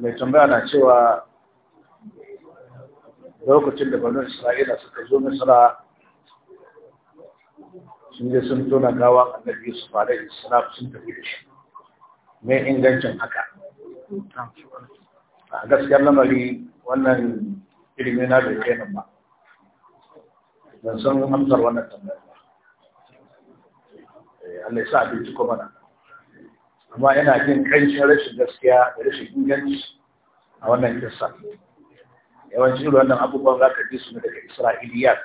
mai tambaya na cewa lokacin da banu isra'ila suka zo misra sun je sun tona gawa annabi yusuf alaihi salam sun tafi da shi me ingancin haka a gaskiyar lamari wannan ilimi na bai kai nan ba ban san amsar wannan tambaya eh, Allah ya sa abinci kuma na amma yana jin ƙanshin rashin gaskiya da rashin inganci a wannan kisa yawanci da wannan abubuwan za ka ji su daga isra'iliyat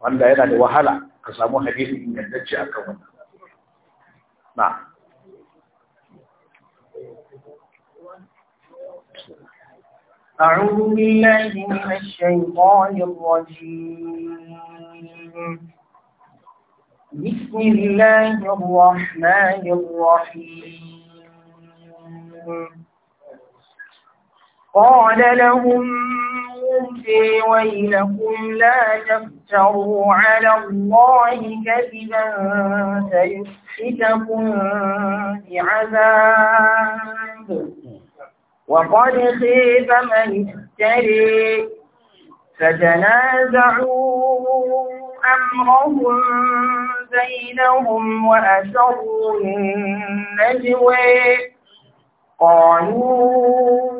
wanda yana da wahala ka samu hadisi ingantacce a kan wannan na أعوذ بالله من الشيطان الرجيم بسم الله الرحمن الرحيم قال لهم موسى ويلكم لا تفتروا على الله كذبا سيسحتكم بعذاب وقد خيب من افتري فتنازعوا أمرهم بينهم وأسروا النجوى قالوا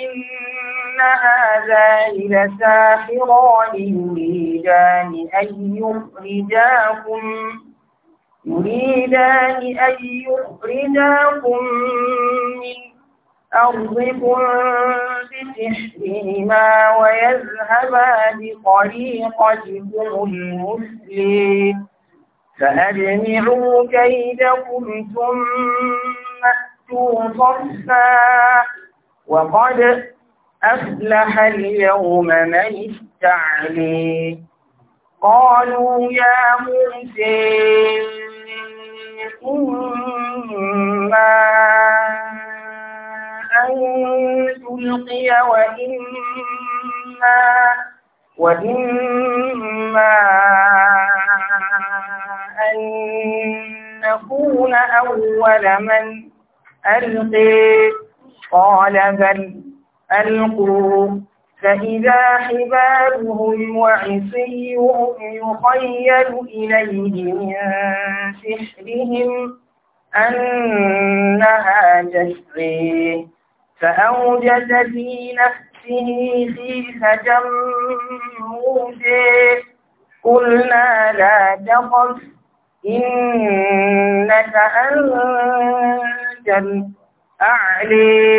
إن هذا لساحران يريدان أن يخرجاكم يريدان أن يخرجاكم من الأرض بسحرهما ويذهبا بطريقتكم المسلم فأجمعوا كيدكم ثم أتوا صفا وقد أفلح اليوم من استعلي قالوا يا موسى إما تلقي وإما وإما أن نكون أول من ألقي قال بل ألقوا فإذا حبالهم وعصيهم يخيل إليه من سحرهم أنها تسري فأوجس في نفسه خيفة موسى قلنا لا تخف إنك أنت الأعلي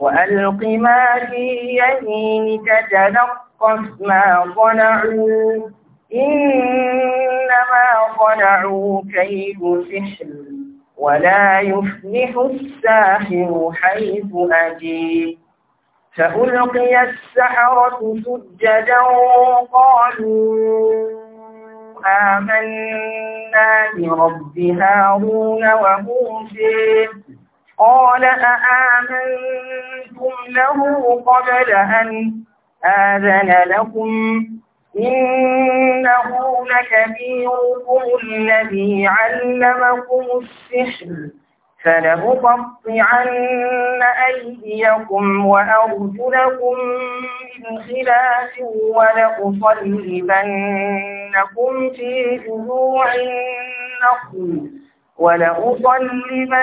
وألق ما في يمينك تلقف ما صنعوا إنما صنعوا كيد سحر ولا يفلح الساحر حيث أجيب فألقي السحرة سجدا قالوا آمنا برب هارون وموسى قال أآمنتم له قبل أن آذن لكم إنه لكبيركم الذي علمكم السحر فلأقطعن أيديكم وأرجلكم من خلاف ولأصلبنكم في جذوع النخل ولأصلبنكم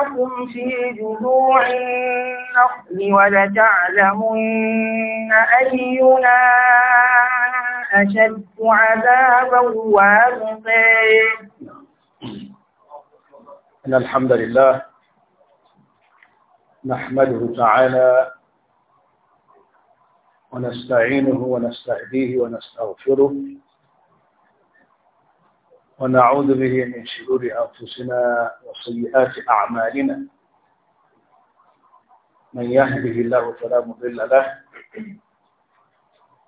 لكم في جذوع النخل ولتعلمن أينا أشد عذابا وابقى إن الحمد لله نحمده تعالى ونستعينه ونستهديه ونستغفره ونعوذ به من شرور أنفسنا وسيئات أعمالنا من يهده الله فلا مضل له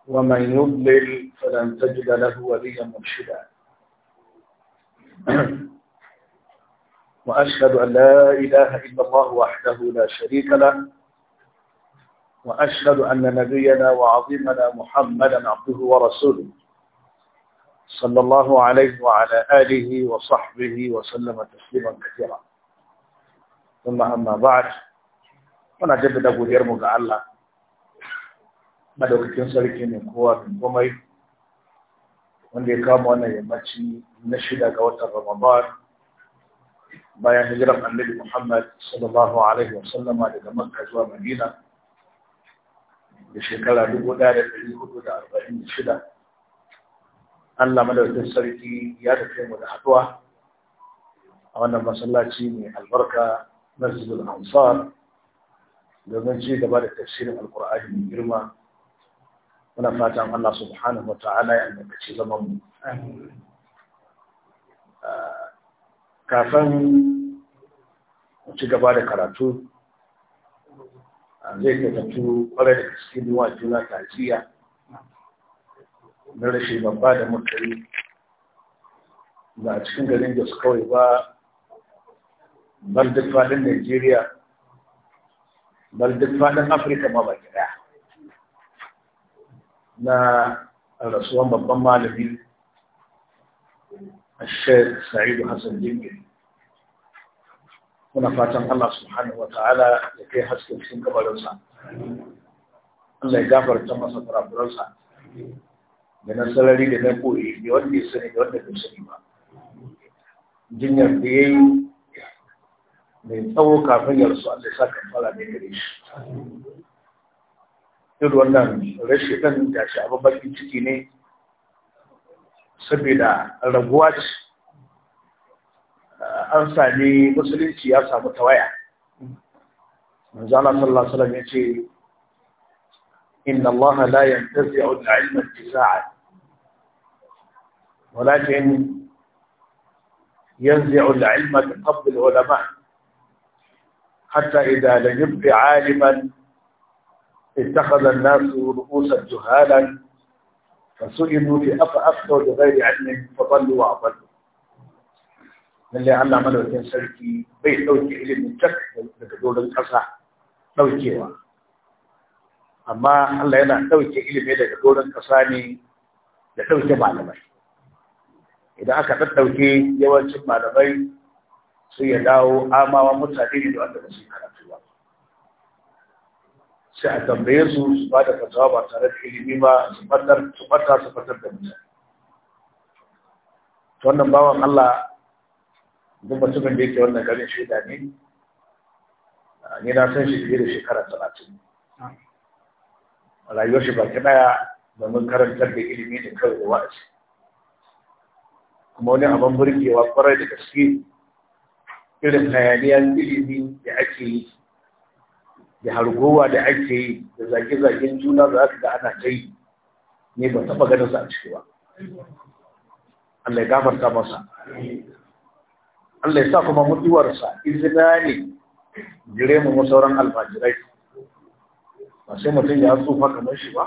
ومن يضلل فلن تجد له وليا مرشدا وأشهد أن لا إله إلا الله وحده لا شريك له وأشهد أن نبينا وعظيمنا محمدا عبده ورسوله صلى الله عليه وعلى آله وصحبه وسلم تسليما كثيرا ثم أما بعد godiyarmu ga Allah madaukakin sarki ne kowa bin wanda ya kama wannan yammaci na shida ga watan Ramadan bayan hijirar Annabi Muhammad sallallahu alaihi wasallam daga Makka zuwa Madina da shekara Allah madaukakin sarki ya tafi mu da haduwa a wannan masallaci mai albarka masjidul ansar domin ci gaba da tafsirin alkur'ani mai girma muna fatan Allah subhanahu wa ta'ala ya albarkaci zaman mu ah, kafin mu ci gaba da karatu ah, zai kai tattu kwarai da gaske wa juna tajiya na rashin babba da mutane ba a cikin garin su kawai ba bal duk faɗin najeriya bal duk afirka ma baki ɗaya na rasuwan babban malami الشيخ sa'idu hassan جميل muna fatan Allah subhanahu wa ta'ala da kai hasken cikin kabarinsa Allah ya gafarta masa kurakurarsa da na salari da na koyi da wanda ya sani da wanda ya sani ba jinyar da ya yi mai tsawo kafin ya rasu Allah sai sa kafara da gare shi duk wannan rashin ɗan gashi abin bakin ciki ne saboda raguwa ce an sami musulunci ya samu tawaya manzana sallallahu alaihi wasallam ya ce inna Allah la yantazi'u al-'ilma intiza'a ولكن ينزع العلم بقبض العلماء حتى إذا لم يبق عالما اتخذ الناس رؤوسا جهالا فسئلوا لأفأفتوا بغير علم فضلوا وأضلوا lalle Allah madaukin sarki bai ɗauke ilimin tak daga doron ƙasa ɗaukewa amma Allah yana ɗauke ilimi daga doron ƙasa ne da ɗauke malamai idan aka ɗaɗɗauke yawancin malamai sai ya dawo amawa mutane ne da wanda ba su yi karatu ba sai a tambaye su su ba da fatawa ba tare da ilimi ba su fatar su fatar su fatar da mutane wannan bawan Allah duk mutumin da yake wannan garin shaida ne ni na san shi fiye da shekara talatin rayuwar shi baki ɗaya, domin karantar da ilimi da kawai da wa'azi kuma wani abin burgewa kwarai da gaske irin hayaniyar ilimi da ake yi da hargowa da ake yi da zage-zagen juna za su ga ana ta yi ne ba taɓa ganin su a ciki ba Allah ya gafarta masa Allah ya sa kuma mutuwarsa izina ne jire mu sauran alfajirai ba sai mutum ya tsufa kamar shi ba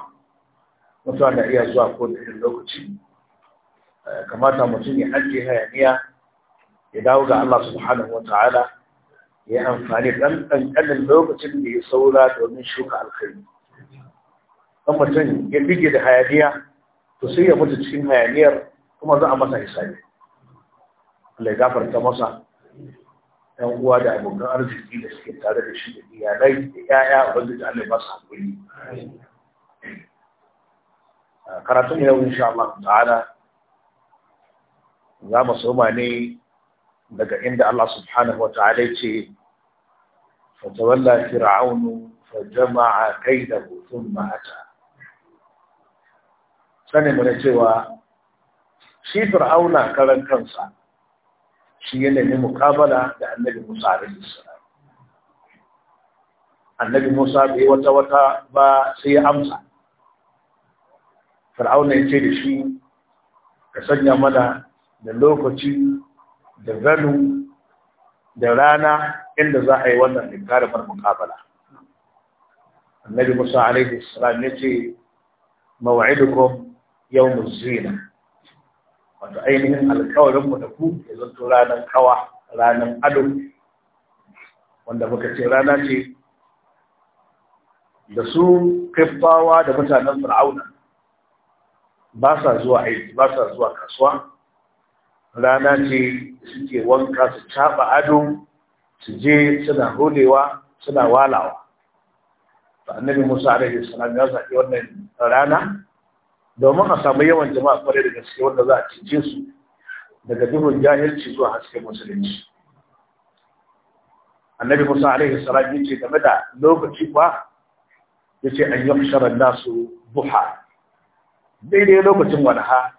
mutuwa na iya zuwa ko da lokaci Eh, kamata mutum ya ajiye hayaniya ya dawo ga Allah subhanahu wa ta'ala ya yi amfani ɗan ɗanɗanin lokacin da ya saura domin shuka alkhairi ɗan mutum ya bige da hayaniya to sai ya mutu cikin hayaniyar kuma za a masa hisabi Allah ya gafarta masa ɗan uwa da abokan arziki da suke tare da shi da iyalai da ƴaƴa wanda da Allah ya masa hakuri eh, karatun yau insha Allah ta'ala za mu soma ne daga inda Allah subhanahu wa ta'ala ce fatawalla fir'aunu fa jama'a kaidahu thumma ata sanin mu cewa shi fir'auna karan kansa shi ya nemi mukabala da annabi Musa alaihi salam annabi Musa bai wata wata ba sai ya amsa fir'auna ya ce da shi ka sanya mana da lokaci da zanu da rana inda za a yi wannan inkarimar mukabala annabi musa alaihi salam ya ce maw'idukum yawmuz zina wato ainihin alkawarin mu da ku ya zanto ranar kawa ranar ado wanda muka ce rana ce da su kifawa da mutanen fir'auna ba sa zuwa aiki ba sa zuwa kasuwa rana ce suke wanka su caba ado su je suna holewa suna walawa annabi musa rage salam ya zaɓi wannan rana domin a samu yawan jama'a kwarai da gaske wanda za a su daga duhun jahilci zuwa hasken musulunci annabi musa alaihi ya ce game da lokaci ba ce an yi nasu buha daidai lokacin wani ha.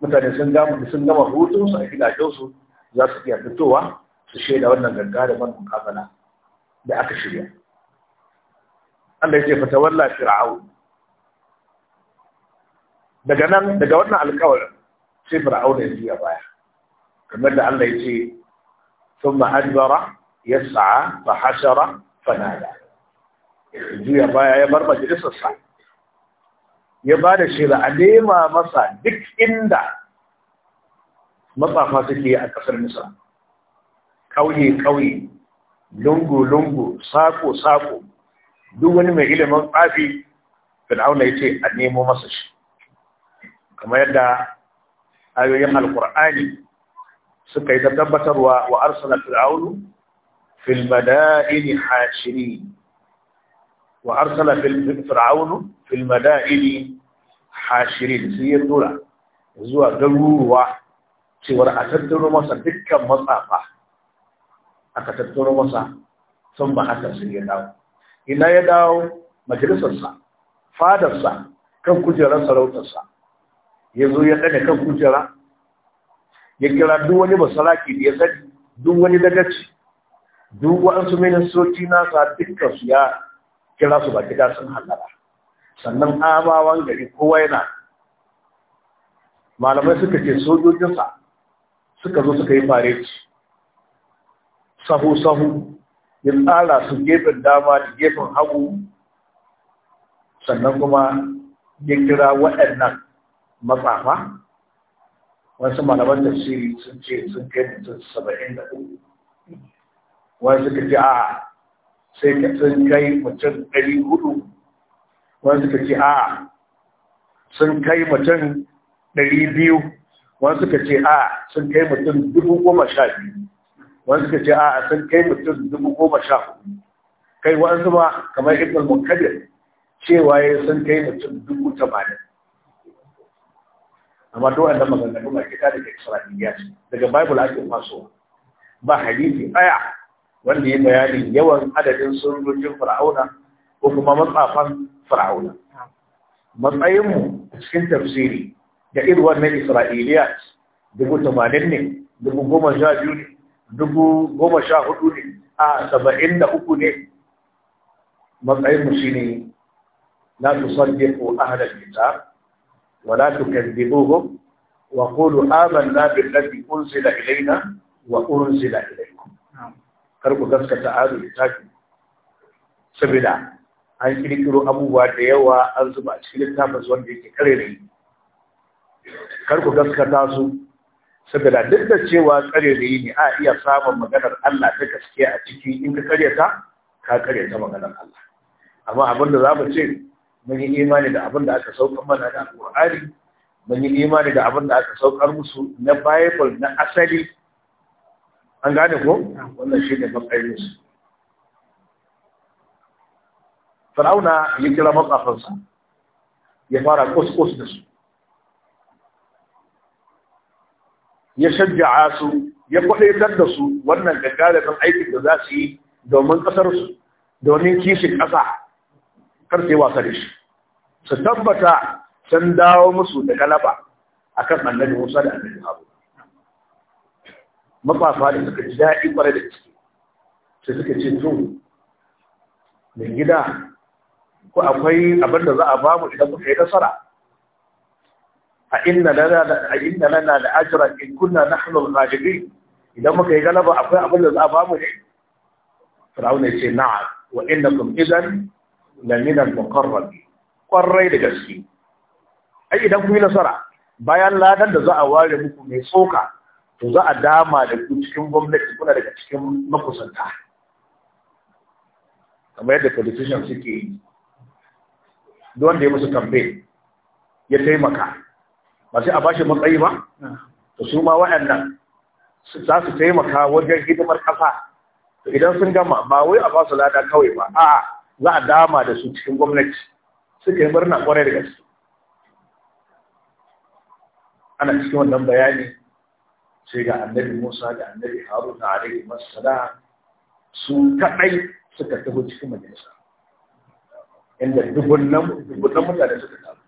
mutane sun gama sun gama su a su, za su iya fitowa su shaida wannan man mukabala da aka shirya Allah yake fata walla fir'au daga nan daga wannan alƙawarin sai fir'au ne ya baya kamar da Allah yake thumma adbara yas'a fa hasara fanada juya baya ya bar majalisar sa ya ba da shi a nema masa duk inda matsafa suke a ƙasar nisa. Ƙauye-ƙauye, lungu-lungu, sako-sako, duk wani mai ilimin tsafi, Fir'auna ya ce a nemo masa shi. Kamar yadda ayoyin alkur'ani suka yi ta tabbatarwa wa arsala Fir'aunu fil mada'ini hashiri wa arsala fil fir'aunu fil mada'ini hashirin sai ya tura zuwa garuruwa cewar a tattaro masa dukkan matsafa aka tattaro masa sun ba haka sai ya dawo ina ya dawo majalisarsa fadarsa kan kujerar sarautarsa ya ya ɗaga kan kujera ya kira duk wani masaraki da ya sani duk wani dagaci duk wa'ansu ministoci nasa dukkan su kira su ba gida sun hallara sannan amawan gari kowa yana malamai suka ce sojojinsa suka zo suka yi fare sahu-sahu ya tsara su gefen dama da gefen hagu sannan kuma ya kira waɗannan matsafa wasu malaman tafsiri sun ce sun kai mutum saba'in da uku wani suka ce a sai ka sun kai mutum ɗari hudu wani suka ce a'a sun kai mutum ɗari biyu wani suka ce a'a sun kai mutum dubu goma sha biyu wani suka ce a'a sun kai mutum dubu goma sha hudu kai wani ma kamar ibn mukadir cewa ya sun kai mutum dubu tamanin amma duk wanda maganganu ba kita daga isra'iliya daga bible ake fasowa. ba hadisi aya wanda ya bayani yawan adadin sojojin fir'auna ko kuma matsafan fir'auna matsayinmu cikin tafsiri da irin wannan isra'iliya dubu tamanin ne dubu goma sha biyu ne dubu goma sha hudu ne a saba'in da uku ne matsayinmu shi ne la tusaddiqu ahla al-kitab wa la tukadzibuhum wa qulu amanna billazi unzila ilayna wa unzila ilaykum kar ku gaskata ado da saboda an kirkiro abubuwa da yawa an zuba a cikin littafin wanda yake kare da kar ku gaskata su saboda duk da cewa kare da ne a iya samun maganar Allah ta gaske a ciki in ka kare ta ka kare ta maganar Allah amma abin da za mu ce mun yi imani da abin da aka saukar mana da Al-Qur'ani mun yi imani da abin da aka saukar musu na bible na asali an gane ko wannan shi ne matsayinsu fir'auna ya kira matsafansa ya fara kuskus da su ya shajja'a su ya kwadaitar da su wannan gagarumin aikin da za su yi domin ƙasarsu domin kishin ƙasa kar wasa da shi su tabbata sun dawo musu da galaba akan annabi Musa da annabi abu Mafafa da suka ji daɗi ƙwarai da ciki sai suka ce to mai gida ko akwai abin da za a ba mu idan muka yi nasara a inda lana da ajira in kunna na hannun galibi idan muka yi galaba akwai abin da za a ba mu ne fir'auna ya ce na wa inda kun idan laminan mukarrabi ƙwarai da gaske ai idan kun yi nasara bayan ladan da za a ware muku mai tsoka to za a dama da ku cikin gwamnati kuna daga cikin makusanta kamar yadda politicians suke yi duk wanda ya musu campaign ya taimaka ba sai a ba shi matsayi ba to su ma waɗannan za su taimaka wajen hidimar ƙasa to idan sun gama ba wai a ba su lada kawai ba a'a za a dama da su cikin gwamnati suka yi murna kwarai da gaske ana cikin wannan bayani sai ga annabi Musa da annabi Haruna alaihi masana su kadai suka taho cikin majalisa inda dubun nan mutane suka taru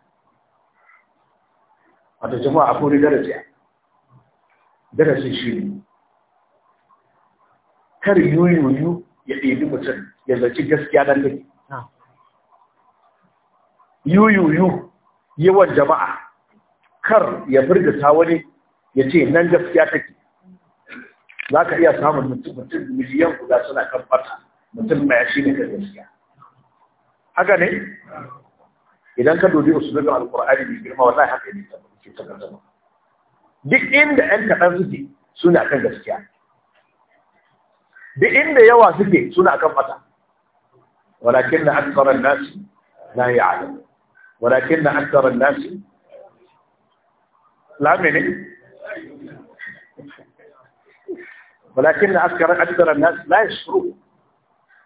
wato jama'a a wani daraja darasi shi ne kar yoyoyo ya ɗebi mutum ya zaci gaskiya dan dake yoyoyo yawan jama'a kar ya firgita wani ya ce nan gaskiya take za ka iya samun mutum miliyan guda suna kan fata mutum mai shi ne ka gaskiya haka ne idan ka dubi da alkur'ani da girma wallahi haka ne ta ce ta gaza duk inda ka ɗan suke suna kan gaskiya duk inda yawa suke suna kan fata walakin na aksarar nasi la ya'lamu walakin na aksarar nasi la menene ولكن أكثر الناس لا يشكرون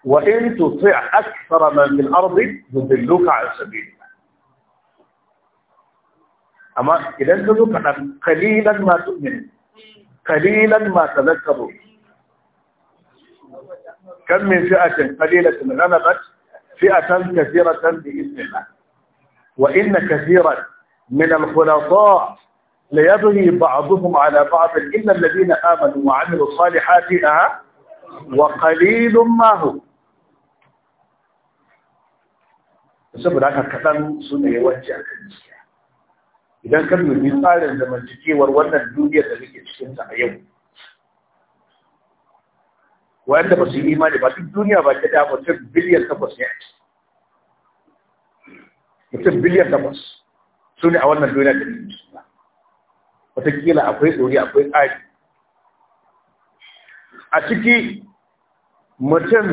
وإن تطيع أكثر من في الأرض يضلوك عن سبيل أما إذا أنتم قليلا ما تؤمن قليلا ما تذكروا كم من فئة قليلة غلبت فئة كثيرة بإذن الله وإن كثيرا من الخلطاء ليبغي بعضهم على بعض إلا الذين آمنوا وعملوا الصالحات أه وقليل ما هم saboda haka kaɗan su ne yawanci a kan gaskiya idan ka dubi tsarin zamantakewar wannan duniyar da muke cikinta a yau wanda ba su yi imani ba duk duniya ba ta dama mutum biliyan takwas ne mutum biliyan takwas su ne a wannan duniya da muke cikinta watakila akwai tsori akwai tsari a ciki mutum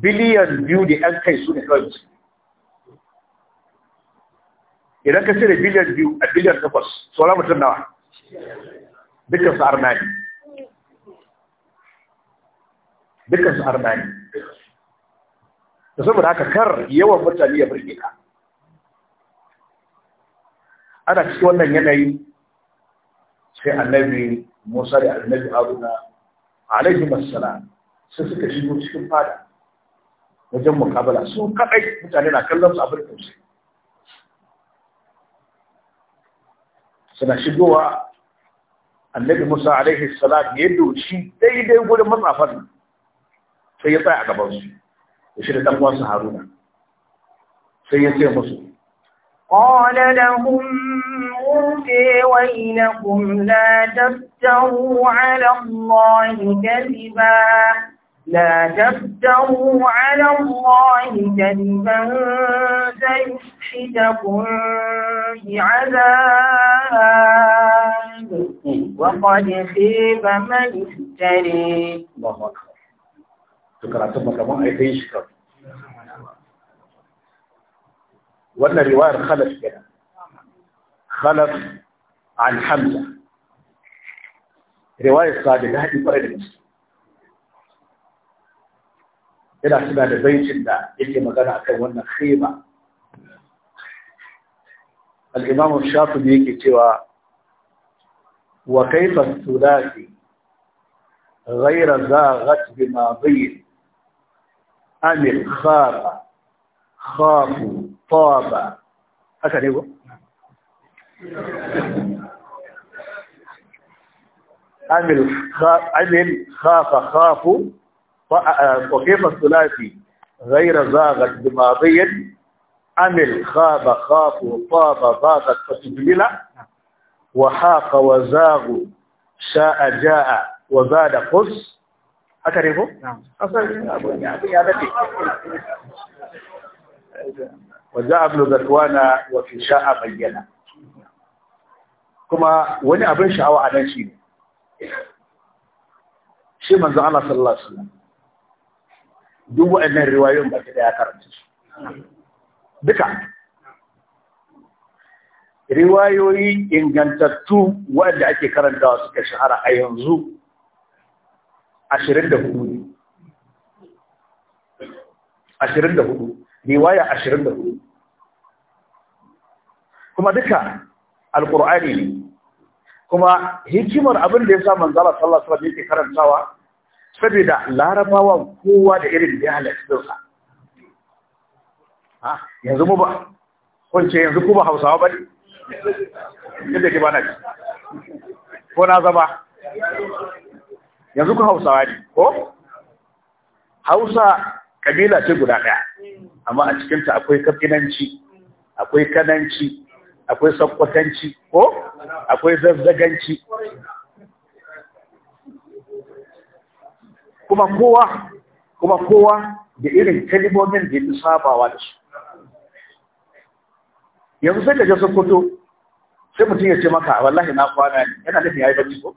biliyan biyu da ‘yan kai su ne kawai idan ka cire biliyan biyu a biliyan takwas sauran mutum nawa dukkan su arnani dukkan su arnani da saboda haka kar yawan mutane ya birge ka ana cikin wannan yanayi sai annabi Musa da annabi Haruna alaihi Mas'ala sai suka shigo cikin fada wajen mukabala su kadai mutane na kallon su abin tausayi suna shigowa annabi Musa alaihi salam ya doshi daidai gurin matsafan sai ya tsaya a gaban su ya shirya da dan uwansa Haruna sai ya ce musu قال لهم فاتقوا في وينكم لا تفتروا على الله كذبا لا تفتروا على الله كذبا سيحشدكم بعذاب وقد خيب من افتري الله أكبر تكراتم كمان أي شكر wannan riwayar khalaf khalaf an hamza riwayar sa da haɗi ƙwarar da gaske yana suna da baitin da yake magana akan wannan khima al-imam shafi'i yake cewa wa kaifa thulathi ghayra zaghat bi madhi am khara khafu taba haka عمل عمل خاف خافوا آه، وكيف الثلاثي غير زاغت بماضي عمل خاب خافوا طاب ضاقت فتبلل وحاق وزاغ شاء جاء وزاد قص haka نعم ko? wajen abu وفي شاء wafi kuma wani abin sha'awa a nan shi ne shi manzan ana sallallahu alaihi wasallam duk wa'annan riwayoyin ba ta daya karanta su duka riwayoyi ingantattu wadda ake wasu suka shahara a yanzu ashirin Ashirin da hudu. da hudu, riwaya ashirin da hudu kuma duka alqur'ani ne kuma hikimar abin da yasa manzo Allah sallallahu alaihi wasallam yake karantawa saboda larabawa kowa da irin dialectinsa ha yanzu mu ba kunce yanzu ku ba Hausawa ba ne yadda ke bana ko na zama yanzu ku Hausawa ne ko Hausa kabila ce guda ɗaya amma a cikinta akwai kafinanci akwai kananci akwai sakkwatanci ko akwai zazzaganci kuma kowa kuma kowa da irin kalmomin da yi sabawa da su yanzu sai ka je sokoto sai mutum ya ce maka wallahi na kwana ne yana nufin yi bacci ko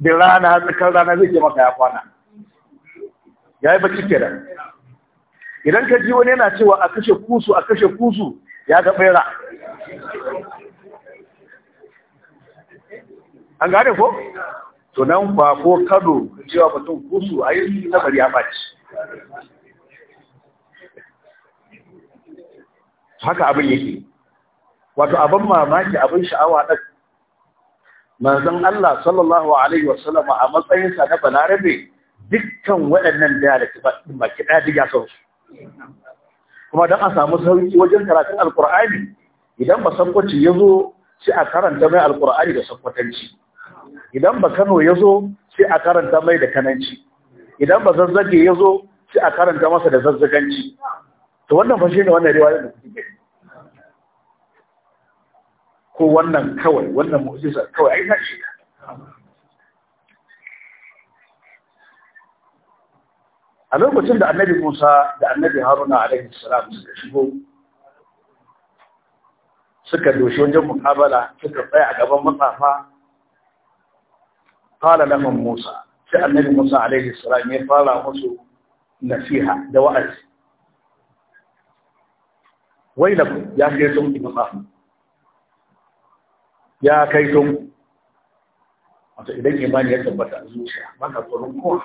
da rana tsakar rana zai ce maka ya kwana Ya yi bacci kenan idan ka ji wani yana cewa a kashe kusu a kashe kusu ya ga bera an gane ko to nan ba ko kado cewa mutum kusu a yi lamari ya ɓaci haka abin yake wato abin mamaki abin sha'awa ɗan manzon Allah sallallahu alaihi wasallam a matsayinsa na balarabe dukkan waɗannan da ya da kiɗa duk ya sauransu kuma don a samu sauki wajen karatun alkur'ani idan ba sankwaci ya zo sai a karanta mai alkur'ani da sankwatanci idan ba kano ya zo sai a karanta mai da kananci idan ba zazzage ya zo sai a karanta masa da zazzaganci to wannan fashe ne wannan riwayar da kuke gani ko wannan kawai wannan mu'jiza kawai ai na shi a lokacin da annabi Musa da annabi Haruna alaihi salam suka shigo suka doshi wajen mukabala suka tsaya a gaban matsafa fara lahum Musa sai annabi Musa alaihi salam ya fara musu nasiha da wa'azi wailakum ya kai sun matsafa ya kai sun wato idan imani ya tabbata zuciya maka tsoron kowa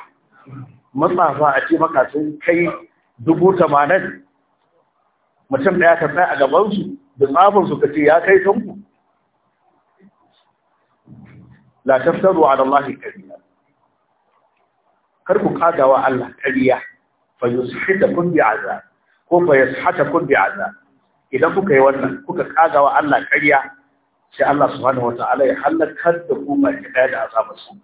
matsafa a ce maka sun kai dubu tamanin mutum ɗaya ka tsaya a gabansu da tsafinsu ka ce ya kai tanku la tafsaru ala Allah kariya kar ku kagawa Allah kariya fa kun bi azab ko fa kun bi azab idan kuka yi wannan kuka kagawa Allah kariya sai Allah subhanahu wataala ya halakar da ku mai da azabarsa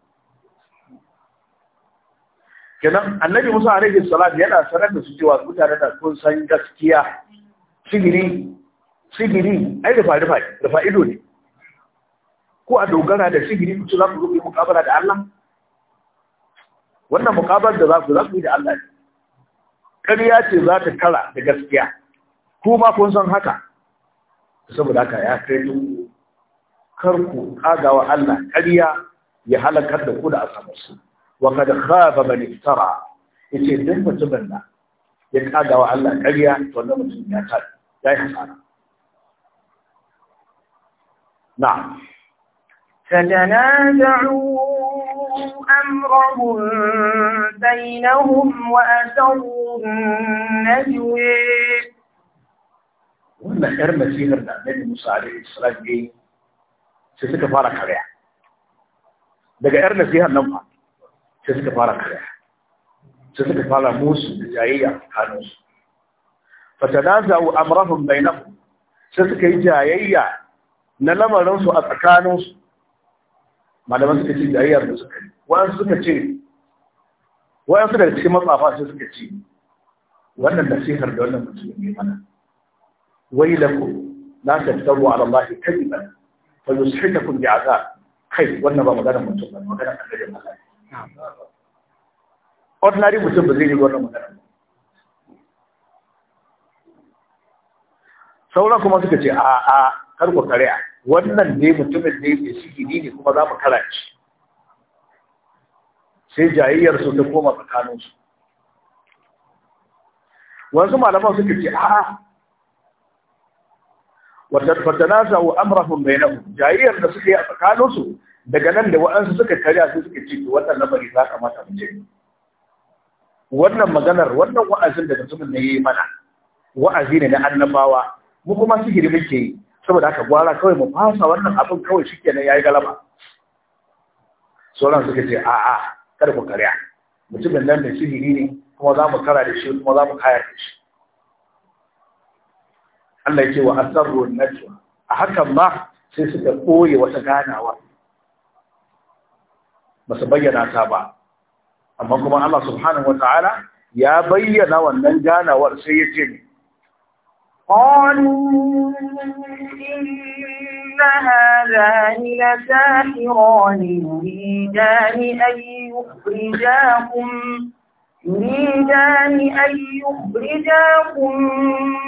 kenan annabi musa alaihi salam yana sanar da su cewa mutane da kun san gaskiya sigiri sigiri ai fari fari da fa'ido ne ko a dogara da sigiri ku ci za ku rufe mukabara da Allah wannan mukabar da za ku za ku yi da Allah ne ƙarya ce za ta kara da gaskiya ku ma kun san haka saboda haka ya kai duk kar ku kagawa Allah ƙarya ya halakar da ku da asabarsu وقد خاب من افترى يتدين وتمنى يتأدى وعلى عليا ونمو الدنيا تال لا يحسن نعم فتنازعوا أمرهم بينهم وأسروا النجوي وانا ارمى سيهر نعمل موسى عليه الصلاة جي سيسك فارك عليها بقى ارمى سيهر نمحك sai suka fara kare sai suka fara musu da jayayya hannunsu fatanaza'u amrahum bainahum sai suka yi jayayya na lamarinsu a tsakaninsu malaman suka ce jayayyar da suka yi wa'ansu suka ce wa'ansu daga cikin matsafa sai suka ce wannan nasihar da wannan mutum ne mana wai da ku na tattaru ala Allah kadiban fa yusihitakum bi'azab kai wannan ba maganar mutum ba maganar annabi Allah ordinary mutum ba zai yi wannan magana sauran kuma suka ce a a kar ku karya wannan ne mutumin ne mai sihiri ne kuma za mu kara shi sai jayayyar su ta koma tsakanin su wasu malaman suka ce a a wata fatana za wa bai na jayayyar da suke a tsakanin su daga nan da waɗansu suka karya su suka ce wannan lamari za ka mata mace wannan maganar wannan wa'azin da mutumin ne yayi mana wa'azi ne na annabawa mu kuma sihiri ke yi saboda haka gwara kawai mu fasa wannan abin kawai ya yayi galaba sauran suka ce a'a kada ku karya mutumin nan da sihiri ne kuma za mu kara da shi kuma za mu kayar da shi Allah ya ce wa asarru najwa a hakan ma sai suka koye wata ganawa basu bayyana ta ba amma kuma Allah subhanahu wata'ala ya bayyana wannan ganawar sai ya ce قالوا إن هذان لساحران يريدان أن يخرجاكم يريدان أن يخرجاكم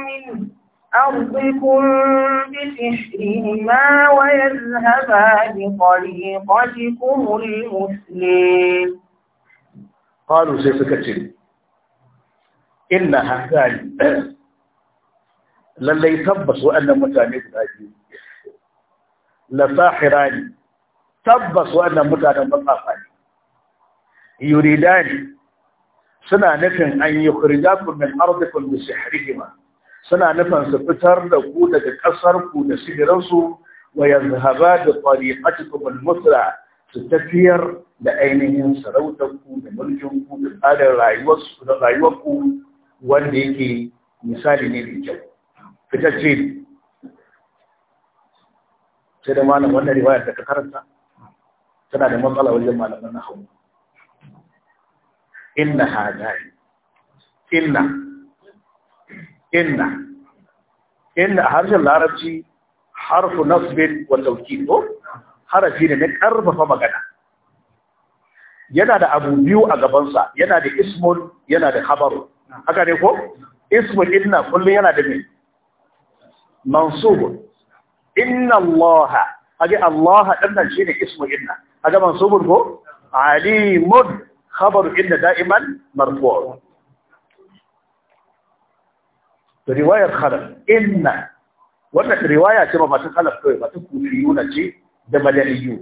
من أرضكم بسحرهما ويذهبا بطريقتكم المسلم قالوا سيفكتين إن هذان للي تبس وأن متاني هذه لساحران تبس وأن متاني مطافان يريدان سنة نفن أن يخرجاكم من أرضكم بسحرهما suna nufin su fitar da ku daga ƙasar ku da sigiransu wa yanzu yazhaba da a cikin musra su tafiyar da ainihin sarautar ku da mulkin ku da tsarin rayuwar da rayuwar ku wanda yake misali ne da kyau fitacce sai da malam wannan riwayar da ka karanta tana da matsala wajen malaman na hau inna hada inna inna inna harshen larabci harfu nasbin wa taukid ko harafi ne na karfafa magana yana da abu biyu a gabansa yana da ismun yana da khabaru haka ne ko ismun inna kullum yana da mai mansub inna allah haka allah ɗannan shi ne ismun inna haka mansubun ko alimun khabaru inna da'iman marfu. riwayar khalaf inna wannan riwaya ce ba batun khalaf kawai batun kuriyuna ce da madaniyu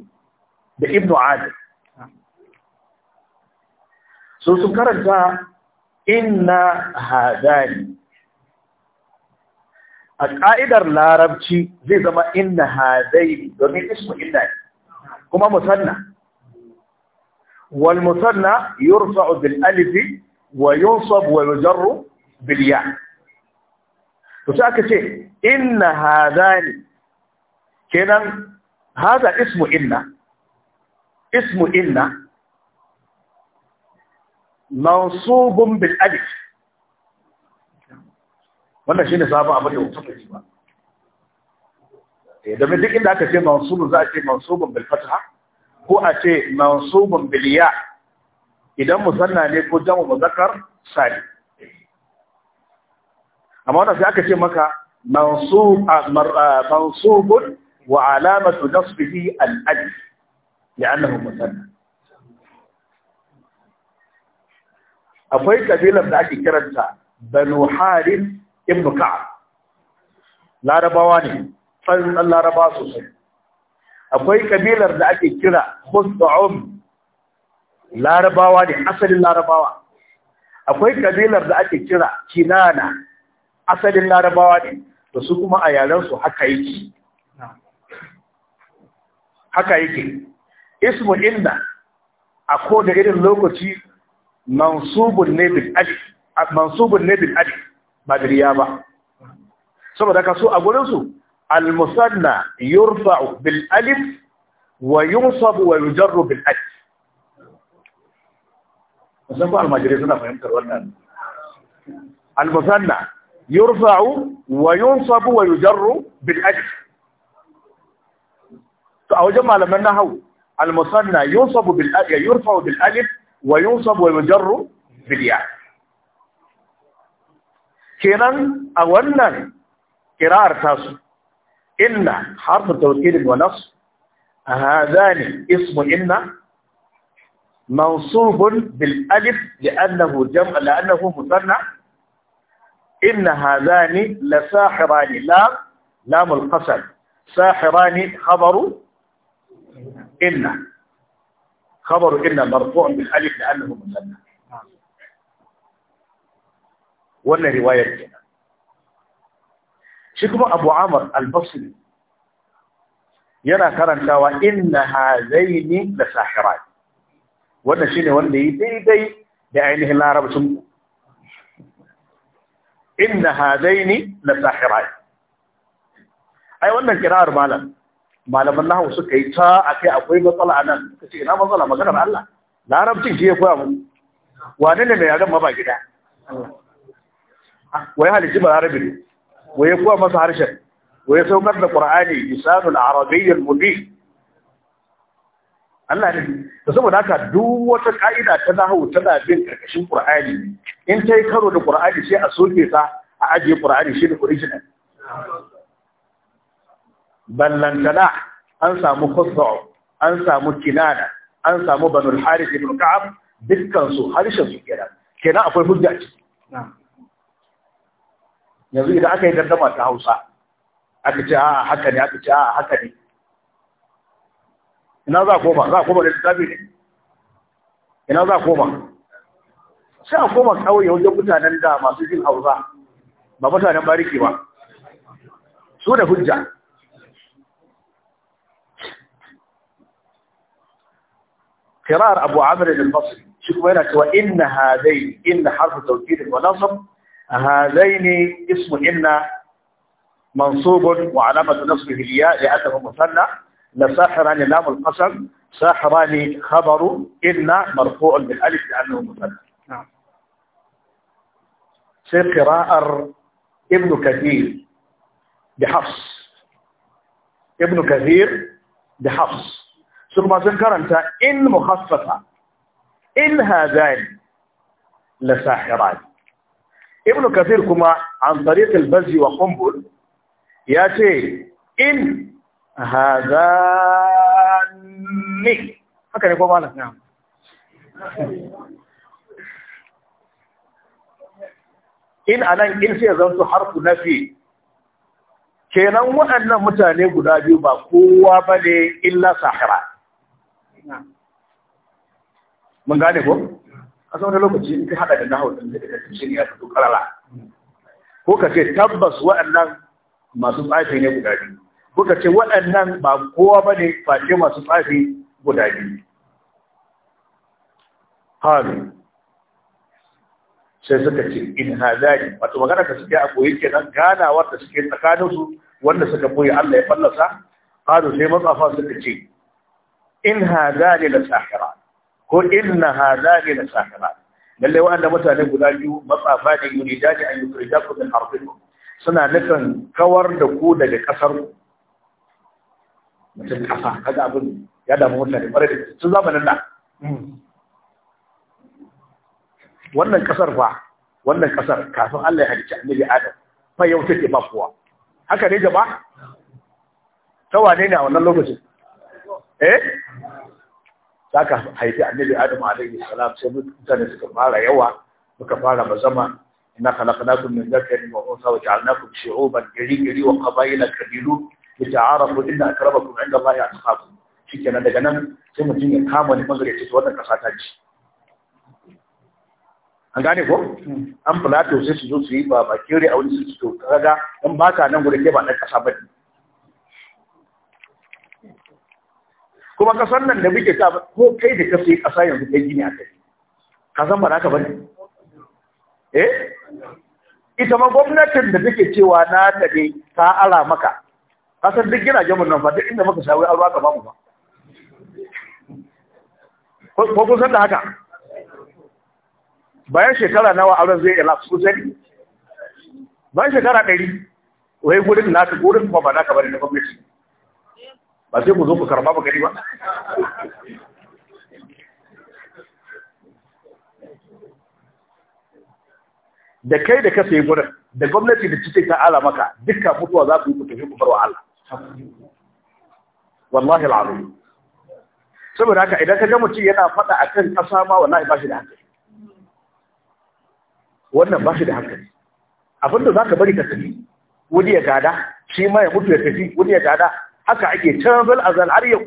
da ibnu adi so su karanta inna hadani a ka'idar larabci zai zama inna hadaini domin ismu inna ne kuma musanna wal musanna yurfa'u bil alifi wa yunsab wa yujarru bil ya to sai aka ce inna hadani kenan hada ismu inna ismu inna mansubun bil alif wannan shine sabon abu da wuce kaji ba eh domin duk inda aka ce mansubun za a ce mansubun bil fatha ko a ce mansubun bil ya idan musanna ne ko jamu muzakkar salim amma wannan sai aka ce maka ah, ah, mansubun wa alamatu nasbihi al-alif li'annahu musanna akwai kabilar da ake kiranta banu harith ibn ka'ab larabawa ne tsantsan laraba sosai akwai kabilar da ake kira khuzba'um larabawa ne asalin larabawa akwai kabilar da ake kira kinana asalin larabawa ne da su kuma a yarensu haka yake haka yake ismu inna a ko da irin lokaci mansubun ne bil alif mansubun ne bil alif ba da riya ba saboda ka so a gurin su al musanna yurfa'u bil alif wa yunsabu wa yujarru bil alif musan almajirai suna fahimtar wannan al musanna يرفع وينصب ويجر بالأجر فأوجمع لما نهو المثنى ينصب بالأجر يرفع بالألف وينصب ويجر بالياء كنا أولنا كرار تاسو إن حرف التوكيد ونص هذان اسم إن منصوب بالألف لأنه جمع لأنه مصنع inna hazani la sahirani la lamul qasam sahirani khabaru inna khabaru inna marfu'un bil alif la'annahu musanna wannan riwayar kenan shi kuma Abu Amr al-Basri yana karantawa inna hazaini la sahiran wannan shine wanda yi daidai da ainihin larabcin inna hadaini la sahirai ai wannan kira'ar malam malaman nahawu suka yi ta akai akwai matsala anan suka ce ina matsala maganar Allah larabcin shi ya koya mu wane ne mai yaran maba gida wai halici ba larabi ne wai ya koya masa harshen wai saukar da qur'ani lisanul arabiyyil mubin Allah ne da saboda haka duk wata ka'ida ta nahawu tana bin karkashin Qur'ani in ta yi karo da Qur'ani sai a soke sa a ajiye Qur'ani shi da original ballantana an samu khusra' an samu kinana an samu banul harith ibn ka'ab dukkan su harshen su kenan kenan akwai hujja ce yanzu idan aka yi dandama ta Hausa aka ce a haka ne aka ce a haka ne ina za koma za koma da littafi ne ina za koma sai a koma kawai wajen mutanen da masu jin hausa ba mutanen bariki ba su da hujja قرار أبو عمرو البصري شوفوا هنا سواء إن هذين إن حرف توكيد ونصب هذين اسم إن منصوب وعلامة نصبه الياء لأنه مثنى لساحران لام القسم ساحران خبر إن مرفوع بالألف لأنه مثنى نعم سير قراءة ابن كثير بحفص ابن كثير بحفص ثم ذكر أنت إن مخففة إن هذان لساحران ابن كثير كما عن طريق البزي وقنبل ياتي إن hazanni haka ne ko malam na in anan in sai su harfu nafi kenan waɗannan mutane guda biyu ba kowa ba ne illa sahara mun gane ko a sauran lokaci in ka haɗa da nahau ɗin da ka tafi ya fito karara ko ka ce tabbas waɗannan masu tsafi ne guda biyu kuka ce waɗannan ba kowa ba ne face masu tsafi guda biyu Hami, sai suka ce in hazari wata magana ka suke a koyi kenan ganawar da suke tsakaninsu wanda suka koyi Allah ya fallasa hannu sai matsafa suka ce in hazari da sakara? ko in na hazari da sakara? lallai waɗanda mutane guda biyu matsafa ne yuri daji a yi kurjaku suna nufin kawar da ku daga ƙasar ku mutum kafa kaga abin ya damu mutane ƙwarai da tun zamanin nan wannan kasar fa wannan kasar kafin Allah ya halicci annabi Adam fa yau take ba kowa haka ne jama'a ta wane ne a wannan lokacin eh saka haifi annabi Adam alaihi salam sai mutane suka fara yawa muka fara bazama inna khalaqnakum min dhakarin wa unsa wa ja'alnakum shu'uban gari gari wa qabaila kabilu lita'arafu inna akrabakum inda Allah ya tsaku shikenan daga nan sai mutum ya kama ne mazuri ce wannan kasa ta ci an gane ko an plato sai su zo su yi ba ba kire a wani su to kaga dan baka nan gure ke ba dan kasa ba kuma kasan nan da muke ta ko kai da kasa yi kasa yanzu kai gini a kai ka san ba naka bane eh ita ma gwamnatin da take cewa na ta ta ala maka kasar duk gidajen mun nan fa inda muka shawo an ka babu ba ko kun san da haka bayan shekara nawa auren zai ila su sani bayan shekara ɗari wai gurin na ta gurin kuma ba na kamar na gwamnati ba sai ku zo ku karɓa ba gari ba da kai da ka yi gurin da gwamnati da cikin ta ala maka dukkan mutuwa za ku yi ku tafi ku bar wa Allah wallahi al'azim saboda haka idan ka ga mutum yana faɗa akan ƙasa ma wallahi ba shi da hankali wannan ba shi da hankali abin da zaka bari ka tafi wani ya gada shi ma ya mutu ya tafi wani ya gada haka ake canzal azal har yau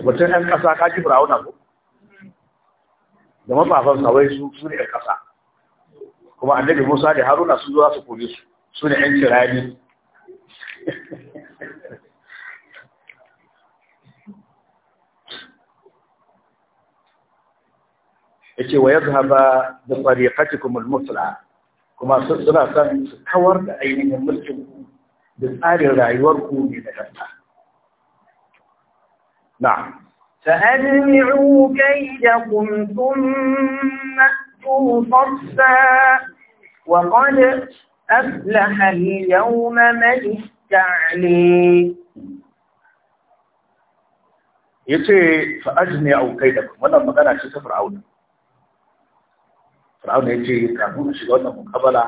mutum 'yan ƙasa ka ji firawuna ko da mafafan kawai su su ne ƙasa kuma annabi musa da haruna sun zo za su kore su شنو حنت هذه اتي ويذهب بطريقتكم المثلى كما صرنا كان تحور اي من المسلم بالآل رايوركو من الهدى نعم فأجمعوا كيدكم ثم اتوا فرسا وقد أفلح اليوم من استعلي yace fa ajni au kaidak wannan magana ce ta fir'aun fir'aun yace kafin shiga wannan mukabala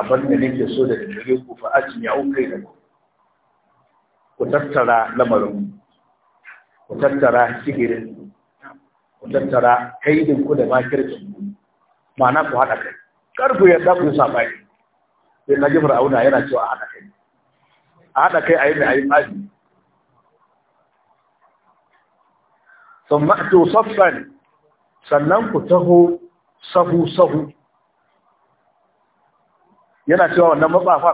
abin da nake so da gare ku fa ajni au kaidak ku tattara lamarin ku tattara sigirin, ku tattara kaidin ku da makircin ku ma'ana ku haɗa kai karku yadda ku sa yi sai na jifar auna yana cewa a haɗa kai a haɗa kai a yi mai a yi maji sun ma'atu saffan sannan ku taho sahu-sahu yana cewa wannan matsafa?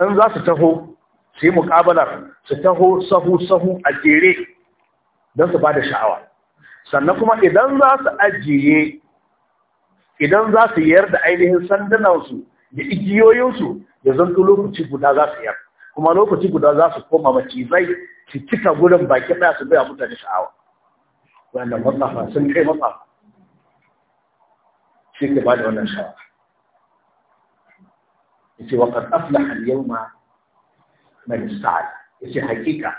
in za su taho su yi muƙabalar su taho sahu-sahu a jere don su ba da sha'awa sannan kuma idan za su ajiye idan za su yar da ainihin sandunansu da igiyoyinsu da zanto lokaci guda za su yar kuma lokaci guda za su koma macizai su cika gudun baki daya su bai mutane sha'awa wannan matsafa sun kai matsafa shi ke ba da wannan sha'awa ce wa qad aflaha ma mai man ya ce hakika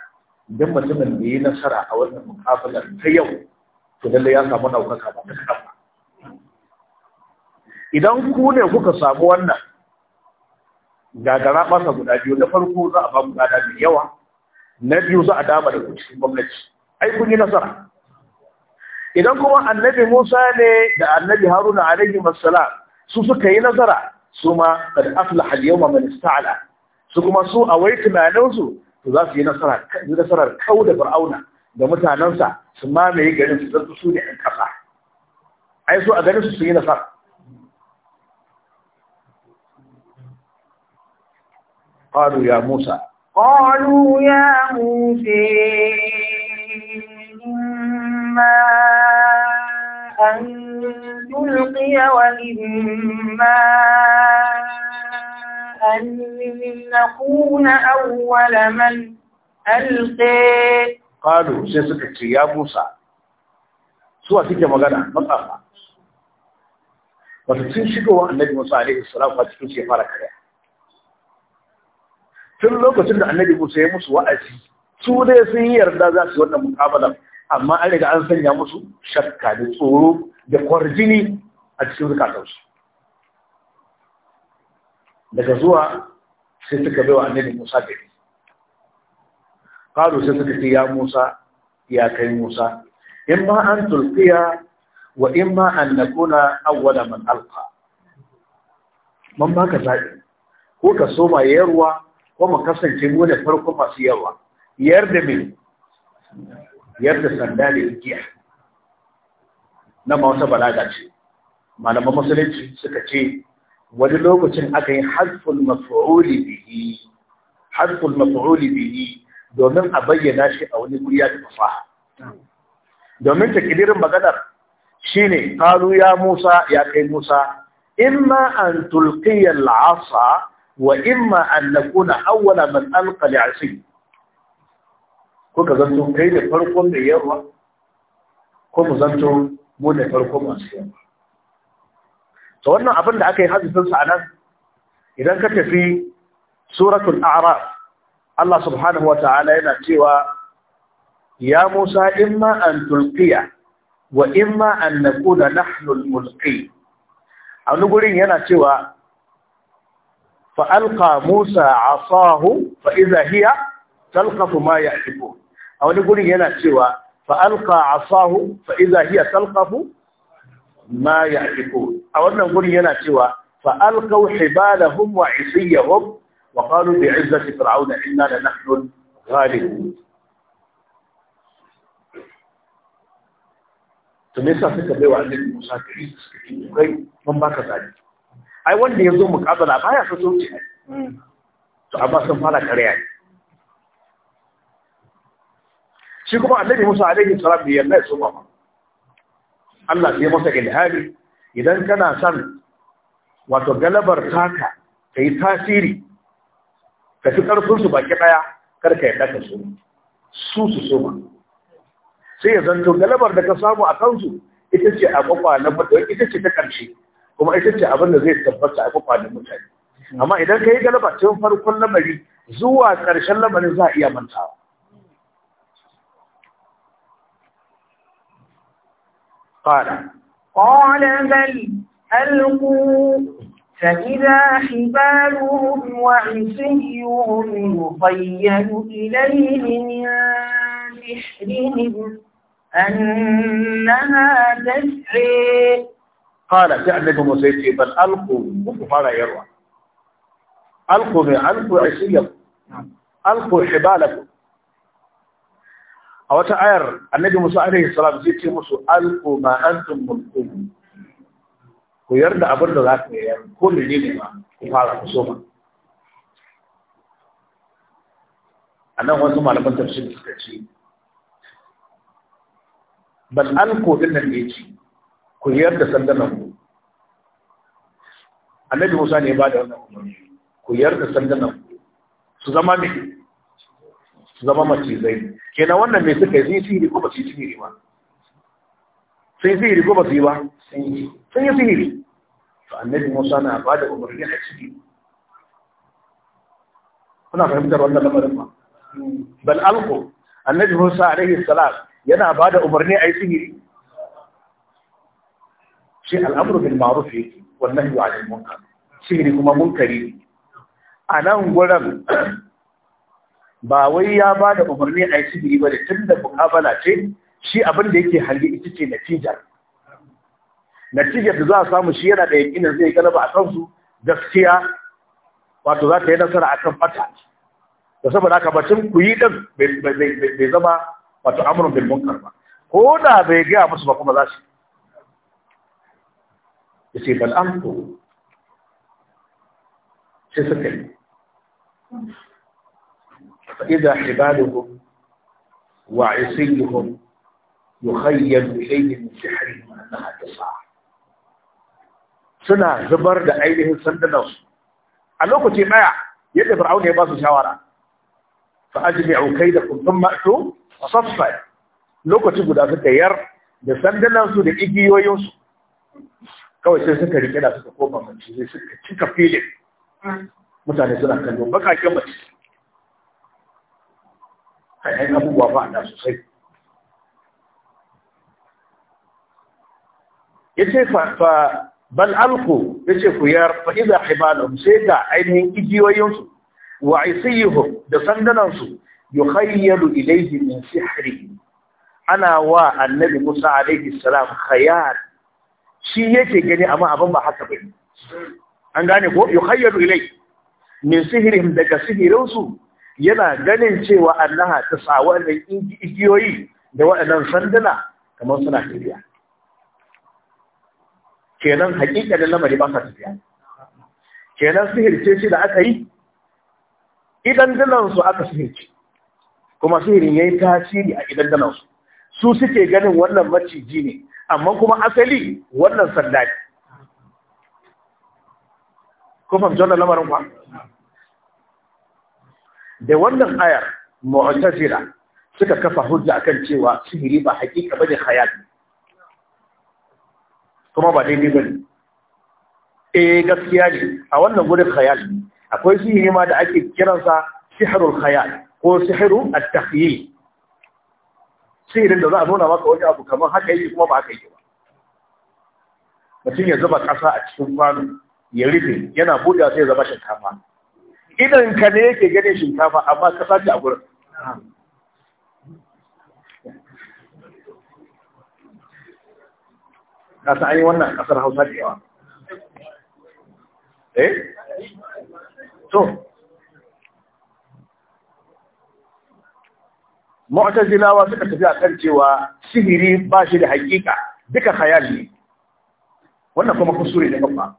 idan mutumin da yi nasara a wannan mukafalar ta yau to lalle ya samu ɗaukaka ba ta kafa. idan ku ne kuka samu wannan gagara masa guda biyu na farko za a ba mu gada mai yawa na biyu za a dama da ku gwamnati ai kun yi nasara idan kuma annabi Musa ne da annabi Haruna alaihi masala su suka yi nasara su ma kad afla al-yawma man su kuma su a wai tunaninsu su za su yi nasarar kau da fir'auna da mutanensa su mamaye garin su zartu su ne a ƙasa. ai su a ganin su su yi nasara قالوا يا موسى قالوا يا موسى إما أن تلقي وإما أن نكون أول من ألقي قالوا سيسكت يا موسى سوى تلك مغانا مطافة وتتسين شكوى النبي موسى عليه السلام قد تكون سيفارك عليها tun lokacin da annabi Musa ya musu wa'azi su dai sun yarda za su yi wannan muƙabala amma an riga an sanya musu shakka da tsoro da kwarjini a cikin zukatansu daga zuwa sai suka bai wa annabi Musa gari Musa. In ma an tulfiya wa in ma an تلقي وإما أن man alfa. من ألقى zaɓi. باك زائد هو كسوما ruwa? ko mu kasance mu da farko masu yawa yar da me yar da sanda da igiya na mawata balaga ce malaman musulunci suka ce wani lokacin aka yi harful mafi'uli bihi harful mafi'uli bihi domin a bayyana shi a wani guriya da fasaha domin kidirin maganar shine qalu ya Musa ya kai Musa imma an tulqiya wa imma an nakuna awwala man alqa li'asi kuka zanto kai da farkon da yawa ko mu zanto mu da farkon masu to wannan abin da aka yi hadisin sa anan idan ka tafi suratul a'raf Allah subhanahu wa ta'ala yana cewa ya Musa imma an tulqiya wa imma an nakuna nahnu al-mulqi a wani gurin yana cewa فألقى موسى عصاه فإذا هي تلقف ما يحبون أو نقول هنا سوى فألقى عصاه فإذا هي تلقف ما يحبون أو نقول هنا سوى فألقوا حبالهم وعصيهم وقالوا بعزة فرعون إنا لنحن الغالبون to me yasa suka bai wa annabi Musa kai suka kai mun baka zaki ai wanda ya zo mukabala baya fito ce to amma sun fara karya shi kuma annabi Musa alaihi salam bai yarda so ba Allah sai masa ilhami idan kana san wato galabar taka kai tasiri ka fi su baki ɗaya karka ya ɗaka su su su soma sai ya zanto galabar da ka samu a kansu ita ce a kwakwa na ita ce ta ƙarshe kuma ita ce abin da zai tabbata a kufa mutane amma idan ka yi galaba cikin farkon lamari zuwa ƙarshen lamarin za a iya mantawa Fada. Ƙwanan gani, alku, ta gida shibaru wa isin yiwu mu bayyanu ilayinin shirinin annaha da shirin. qala ta annabi musa yace bal alqu ku fara yarwa alqu bi alqu alqu hibalakum a wata ayar annabi musa alaihi salam zai ce musu alqu ma antum mulkun ku yarda abin da za ku yi ko ne ne ba ku fara ku soma a wasu malaman tafsir suka ce bal alqu din nan ne ce ku yar da sandunan ku annabi musa ne ba da wannan umarni ku yar da sandunan ku su zama ne su zama macizai kenan wannan mai suka yi sun yi sihiri ko ba su yi sihiri ba sun yi sihiri ko ba su yi ba sun yi sihiri to annabi musa na ba da umarni a ciki kuna fahimtar wannan lamarin ba bal alko annabi musa alaihi salam yana ba da umarni a yi sihiri shi al'amru bil ma'ruf yake anil shi kuma munkari a nan ba wai ya ba da umarni a yi ba da tunda da mukabala ce shi abin da yake hange ita ce natijar natijar da za a samu shi yana da yakinin zai galaba a kansu gaskiya wato za ta yi nasara a kan fata da saboda haka batun ku yi ɗin bai zama wato amurin munkar ba ko da bai gaya musu ba kuma za su yace bal amtu suna zubar da ainihin a lokaci ɗaya yadda fir'auna ya ba su shawara fa ajmi'u kaydakum thumma atu lokaci guda suka yar da da igiyoyinsu kawai sai suka rike da suka koma mace sai suka cika filin mutane suna kallo bakaken mace kai ai abubuwa ba da sosai Ya ce fa bal ya ce ku yar fa idha hibalum sai da ainihin igiyoyinsu wa isiyuhum da sandanansu yukhayyalu ilayhi min sihri ana wa annabi Musa alayhi salam khayal shi yake gani amma abin ba haka bane an gane ko yukhayyalu ilai min sihirin daga sihirinsu yana ganin cewa annaha ta sa wannan igiyoyi da waɗannan sanduna kamar suna tafiya kenan hakikalin lamari ba sa tafiya kenan sihirce shi da aka yi idan dunansu aka sihirci. kuma sihirin ya yi tasiri a idan dunansu. su suke ganin wannan maciji ne amma kuma asali wannan sanda ne ko fahimci wannan lamarin kwa da wannan ayar mu'tazila suka kafa hujja akan cewa sihiri ba hakika bane khayal kuma ba daidai bane eh gaskiya ne a wannan gurin khayal akwai sihiri ma da ake kiransa sihrul khayal ko sihiru at-takhyil idan da za a nuna maka wani abu kamar haka yi kuma ba haka yi ba mutum ya zuba ƙasa a cikin kwano ya rufe yana buɗe sai ya zama shinkafa idan ka ne yake ganin shinkafa amma ƙasa ce a gurin ka san yi wannan ƙasar hausa da yawa eh to mu'tazilawa suka tafi a kan cewa sihiri ba shi da hakika duka khayal ne wannan kuma kusuri ne babba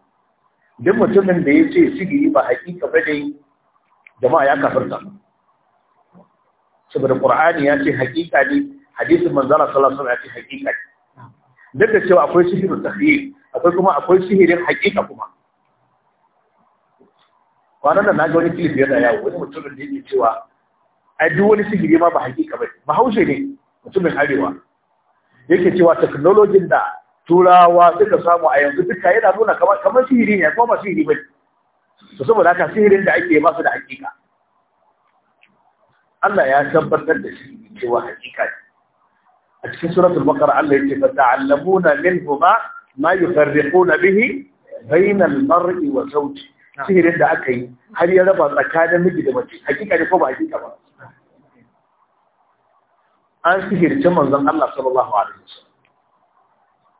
duk mutumin da ya ce sihiri ba hakika ba dai jama'a ya kafirta saboda qur'ani ya ce hakika ne hadisi manzara sallallahu alaihi wasallam ya ce hakika ne duk da cewa akwai sihirin tafiye, akwai kuma akwai sihirin hakika kuma kwanan da na ga wani kilif yana yawo wani mutumin da yake cewa a duk wani sigiri ma ba hakika ba bahaushe ne mutumin arewa yake cewa teknolojin da turawa suka samu a yanzu duka yana nuna kamar sihiri ne kuma ba sihiri ba to saboda haka sihirin da ake ba su da hakika Allah ya tabbatar da shi cewa hakika ne a cikin suratul baqara Allah yake ce fa ta'allamuna minhuma ma yufarriquna bihi al mar'i wa zawji sihirin da aka yi har ya raba tsakanin miji da mace hakika ne ko ba hakika ba an sihirce manzon Allah sallallahu alaihi wasallam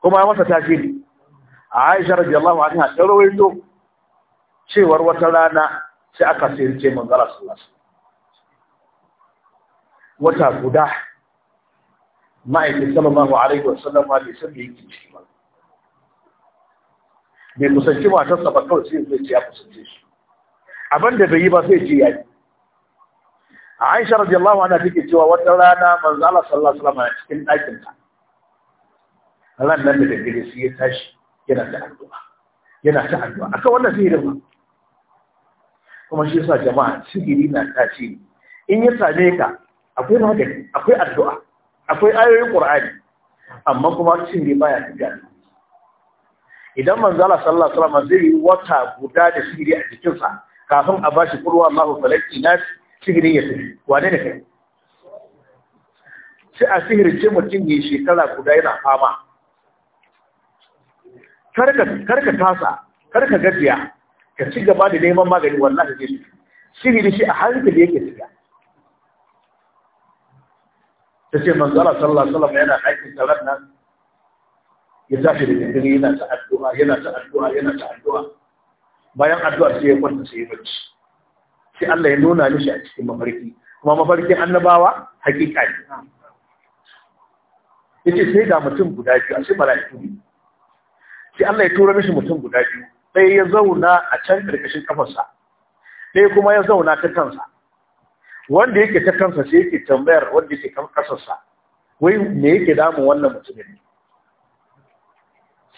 kuma ya masa a Aisha radiyallahu anha ta rawaito cewar wata rana sai aka sihirce manzon Allah sallallahu alaihi wasallam wata guda ma'aikin sallallahu alaihi wasallam ba bai san me yake ciki ba bai kusanci matarsa ba kawai sai ya ce ya kusance shi abin da bai yi ba sai ce ya yi Aisha radiyallahu anha take cewa wata rana manzo Allah sallallahu alaihi wasallam cikin ɗakin ta Allah nan da gidi shi ya tashi yana ta addu'a yana ta addu'a Aka wannan sihirin ba kuma shi yasa jama'a sihiri na tasiri in ya same ka akwai magani akwai addu'a akwai ayoyin Qur'ani amma kuma cin ne baya tafiya idan manzo Allah sallallahu alaihi wasallam zai wata guda da sihiri a jikinsa kafin a bashi kulwa Allahu falaki nasi sihiri ya tafi wane ne kai sai a ce mutum ya shekara guda yana fama karka tasa karka gajiya ka ci gaba da neman magani wannan da jesu sihiri shi a hankali yake tafiya ta ce manzala sallallahu alaihi yana aikin salat nan ya tashi da dindiri yana ta addu'a yana ta addu'a yana ta addu'a bayan addu'a sai ya kwanta sai ya bacci sai Allah ya nuna mishi a cikin mafarki kuma mafarkin annabawa hakika ne yace sai ga mutum guda biyu a cikin mala'iku ne sai Allah ya tura mishi mutum guda biyu ɗaya ya zauna a can ƙarƙashin kafarsa ɗaya kuma ya zauna ta kansa wanda yake ta kansa sai yake tambayar wanda yake kan kasarsa wai me yake damun wannan mutumin ne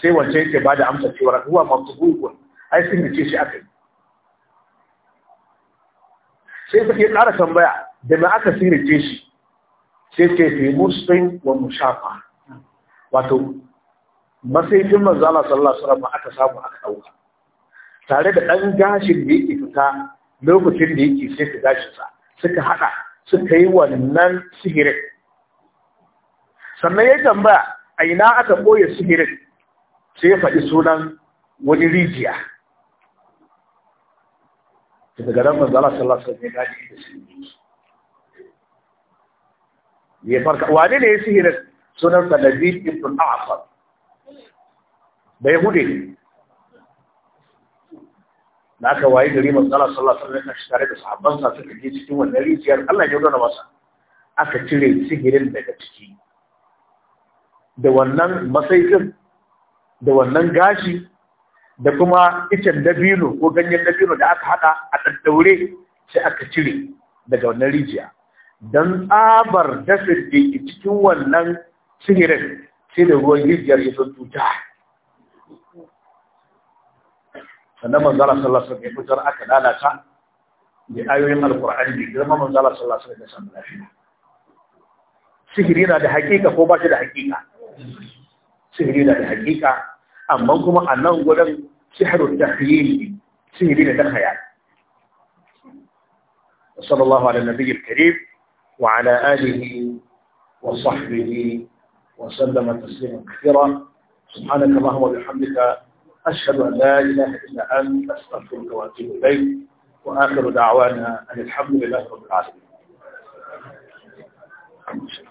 sai wancan yake ba da amsa cewa huwa mabdugun ai sun ce shi aka yi sai suke ƙara tambaya da me aka sirrice shi sai ce fi muslim wa mushafa wato masaifin manzala sallallahu alaihi wasallam aka samu aka dauka tare da ɗan gashin da yake fita lokacin da yake sai ka gashin sa suka hada suka yi wannan sihirin sannan ya tambaya a ina aka ɓoye sihirin sai ya faɗi sunan wani rijiya daga ran manzo Allah sallallahu alaihi wasallam ya gani shi ya farka Wani ne ya sihira sunan sa Nabi ibn A'far bai hude da aka waye gari manzo Allah sallallahu alaihi wasallam shi tare da sahabban sa suka je cikin wannan rijiyar Allah ya gona masa aka cire sihirin daga ciki da wannan masaikin, da wannan gashi da kuma icen dabino ko ganyen dabino da aka hada a daddaure sai aka cire daga wannan rijiya don tsabar dasir da ke cikin wannan sihirin sai da ruwan rijiyar ya zan tuta sannan manzala sallasa mai wasallam fitar aka lalata da ayoyin alqur'ani da girma manzala sallasa da samun lafiya sihiri na da hakika ko ba shi da hakika sihiri na da hakika amma kuma a nan wurin sihirin ta khiyili sihiri da ta khaya sallallahu ala nabiyyil karim wa ala alihi wa sahbihi wa sallama taslima kathira subhanaka allahumma wa bihamdika ashhadu an la ilaha illa anta astaghfiruka wa atubu ilayk wa akhiru da'wana alhamdulillahi rabbil alamin